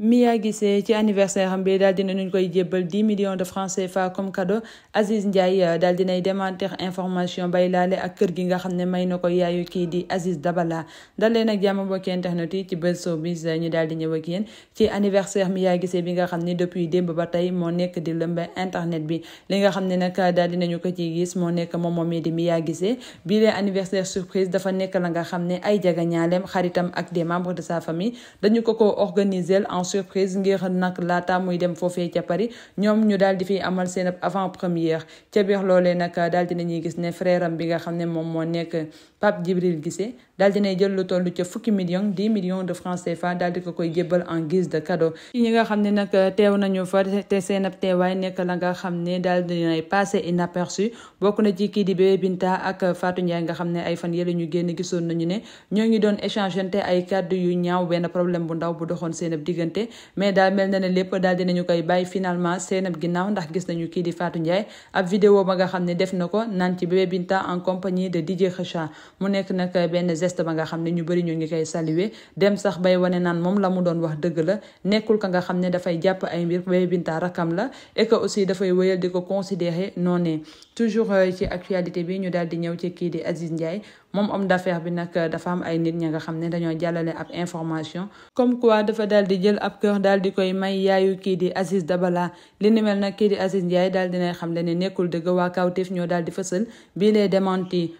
Mia Guissé ci anniversaire am bi dal dina ñu koy jébal 10 millions de francs CFA comme cadeau Aziz Ndiaye euh, dal dinay démentir information bay laalé ak kër gi nga xamné ne may na yaayu ki di Aziz Dabala dal leen ak jamm bokk internet yi ci Buzz Showbiz euh, ñu dal di ñëw ak yéen ci anniversaire Mia Guissé bi nga xamné depuis demb ba tey moo nekk di lembé internet bi li nga xamné nak euh, dal dina ñu ko ci gis mo nekk moom moomii di Mia Guissé bii lee anniversaire surprise dafa nekk la nga xamné ay jaga jagañaaleem xaritam ak des membres de sa famille dañu ko ko organiser surprise ngir nak laata muy dem fofé ci Paris ñom ñu daldi fi amal seen avant première ci biir lolé nak daldi di nañuy gis né frère bi nga xamné mom mo nek nekk Pape Djibril Guissé daal di nay jël lu tollu ci fukki million 10 millions de francs CFA daldi di ko koy jébal en guise de cadeau. ñi nga xamné nak téw nañu fa té seen ab teewaay nekk la nga xamné daldi daal nay passé inaperçu bokku na ci ki di Bébé Binta ak Fatou Ndiaye nga xamné ay fan yële ñu génn gisoon nañu né ñoo ngi doon échangeante ay kàddu yu ñaaw benn problème bu ndaw bu doxone seen ab diggante. mais daal mel na ne lépp daal dinañu koy bàyyi finalement seenab ginnaaw ndax gis nañu kii di faatu Ndiaye ab vidéo ba nga xam ne def na ko naan ci Binta en compagnie de DJ Kheucha mu nekk nag benn geste ba nga xam ne ñu bëri ñu ngi koy saluer dem sax bay wane naan moom la mu doon wax dëgg la nekkul ka nga xam ne dafay jàpp ay mbir bébé Binta rakam la et aussi dafay wéyal di ko considérer noonee toujours euh, ci actualité bi ñu daal di ñëw ci kii di Aziz Ndiaye moom om d'affaires bi nag dafa am ay nit ña nga xam ne dañoo jàllale ab information comme quoi dafa daal di jël ab kër daal di koy may yaayu kii di Aziz Dabala li ni mel nag kii di Aziz Ndiaye daal dinay xam ne nekkul dëgg waa kaw Kawtef ñoo daal di fësal bii lay démenti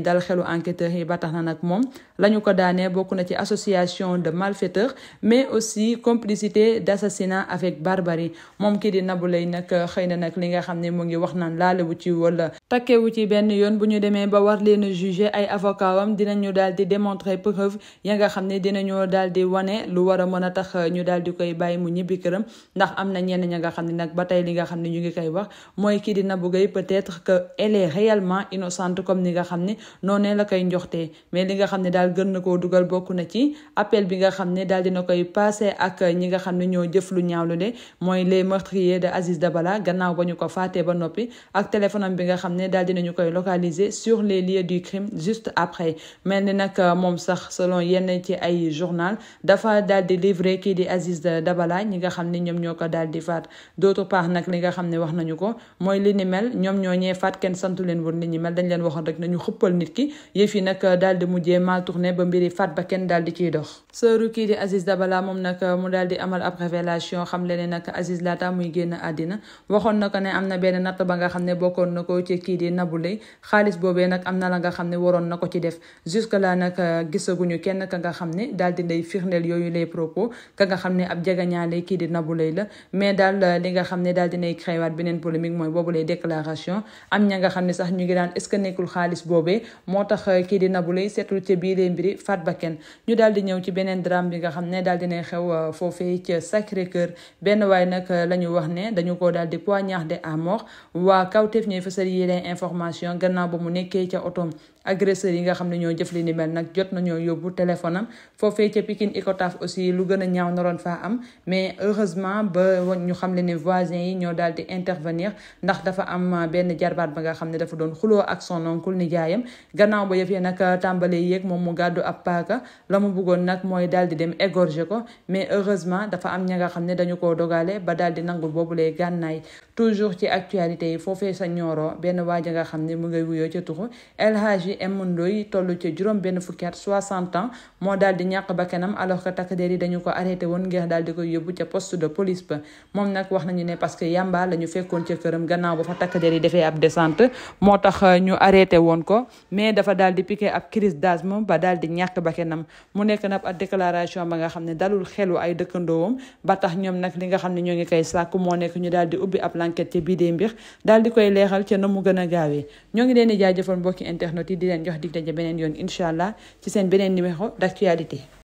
dal xelu enquêteur yi ba tax na nag ko bokku na ci association de malfaiteurs mais aussi complicité d'assassinat avec barbarie mom qui di Nabou Leye nag xëy na li nga xamné ne ngi wax naan laalewu ci wala wu ci benn yoon bu ñu ba war leen juger ay avocat wam dinañu daal di démontrer preuve ya nga xamné dinañu daal di wane lu wara mëna tax ñu daal di koy bàyyi mu ñibi këram ndax amna na ña nga xamné nak batay li nga xamné ñu ngi kay wax moy ki di Nabou peut-être que elle est réellement innocente comme ni nga xamné noonee la koy njoxtee mais li nga ne gën na appel bi nga ne dina koy passé ak ñi nga ñoo de les meurtriers de Aziz Dabala gannaaw ko faatee ba noppi ak téléphone bi nga ne localiser sur les lieux du crime juste après mel ni nag moom sax selon yenn ci journal dafa daal di Aziz Dabala ñi nga xam ne ñoom ne ko mel nit ki yëf yi nag daal di mujjee mal tourné ba mbiri faat ba kenn daal di ciy dox sëru kii di Aziz Dabala moom nag mu daal di amal ab révélation xam le ne nag Aziz laata muy génn àddina waxoon na ko ne am na benn natt ba nga xam ne bokkoon na ko ci kii di Nabou Leye xaalis boobee nag am na la nga xam ne waroon na ko ci def jusque là nag gisaguñu kenn ka nga xam ne daal di lay firndeel yooyu les propos ka nga xam ne ab jagañaale kii di Nabou Leye la mais daal li nga xam ne daal dinay créewaat beneen polémique mooy boobu lay déclaration am ña nga xam ne sax ñu ngi daan est ce que nekkul xaalis boobee moo tax eh, kii di Nabou Leye seetlu ca biir mbiri faat kenn ñu daal di ñëw ci beneen drame bi nga xam ne daal dina xew eh, foofee ca Sacré Cœur benn waaye nag eh, la ñu wax ne dañu ko daal di poignarder à mort waa kawteef ñooy fësal yeneen information gannaaw ba mu nekkee ca otoom agresseur yi nga xam ne ñoo jëf li ni mel nag jot nañoo yóbbu téléphone am foofee ca Pikine Icotaf aussi lu gën a ñaaw naroon faa am mais heureusement ba ñu xam le ne voisin yi ñoo daal di intervenir ndax dafa am benn jarbaat ba nga xam ne dafa doon xuloo ak son nijaayam gannaaw ba yëf yi nag euh, tàmbalee yéeg moom mu gàddu ab paaka la mu bëggoon nag mooy daal di dem égorger ko mais heureusement dafa am ña nga xam ne dañu koo dogale ba daal di nangul boobu lay gànnaay toujours ci actualité yi foofee sa ñooroo benn waaja nga xam ne mu ngay wuyoo ca tuxu El Hadji yi tollu toll ca juróom benn fukki at 60 ans moo daal di ñàkk bakkanam alors que takk der yi dañu ko arrêté woon ngir daal di koy yóbbu ca post de police ba moom wax nañu ne parce que yamba la ñu fekkoon ca këram gannaaw ba fa takk yi defee ab descente moo tax euh, ñu arrêté woon ko mais dafa daal di piqué ab crise moom ba daal di ñàkk bakkanam mu nekk nag ab déclaration ba nga xam ne dalul xelu ay dëkkandoom ba tax ñoom nag li nga xam ne ñoo ngi koy sàkk moo nekk ñu daal di ubbi ab l'enquête ci bii dee mbir daal di koy leexal ca na mu gën a gaawee ñoo ngi leen di jaajëfal mbokki internet yi di leen jox dig daje beneen yoon incha allah ci seen beneen numéro d'actualité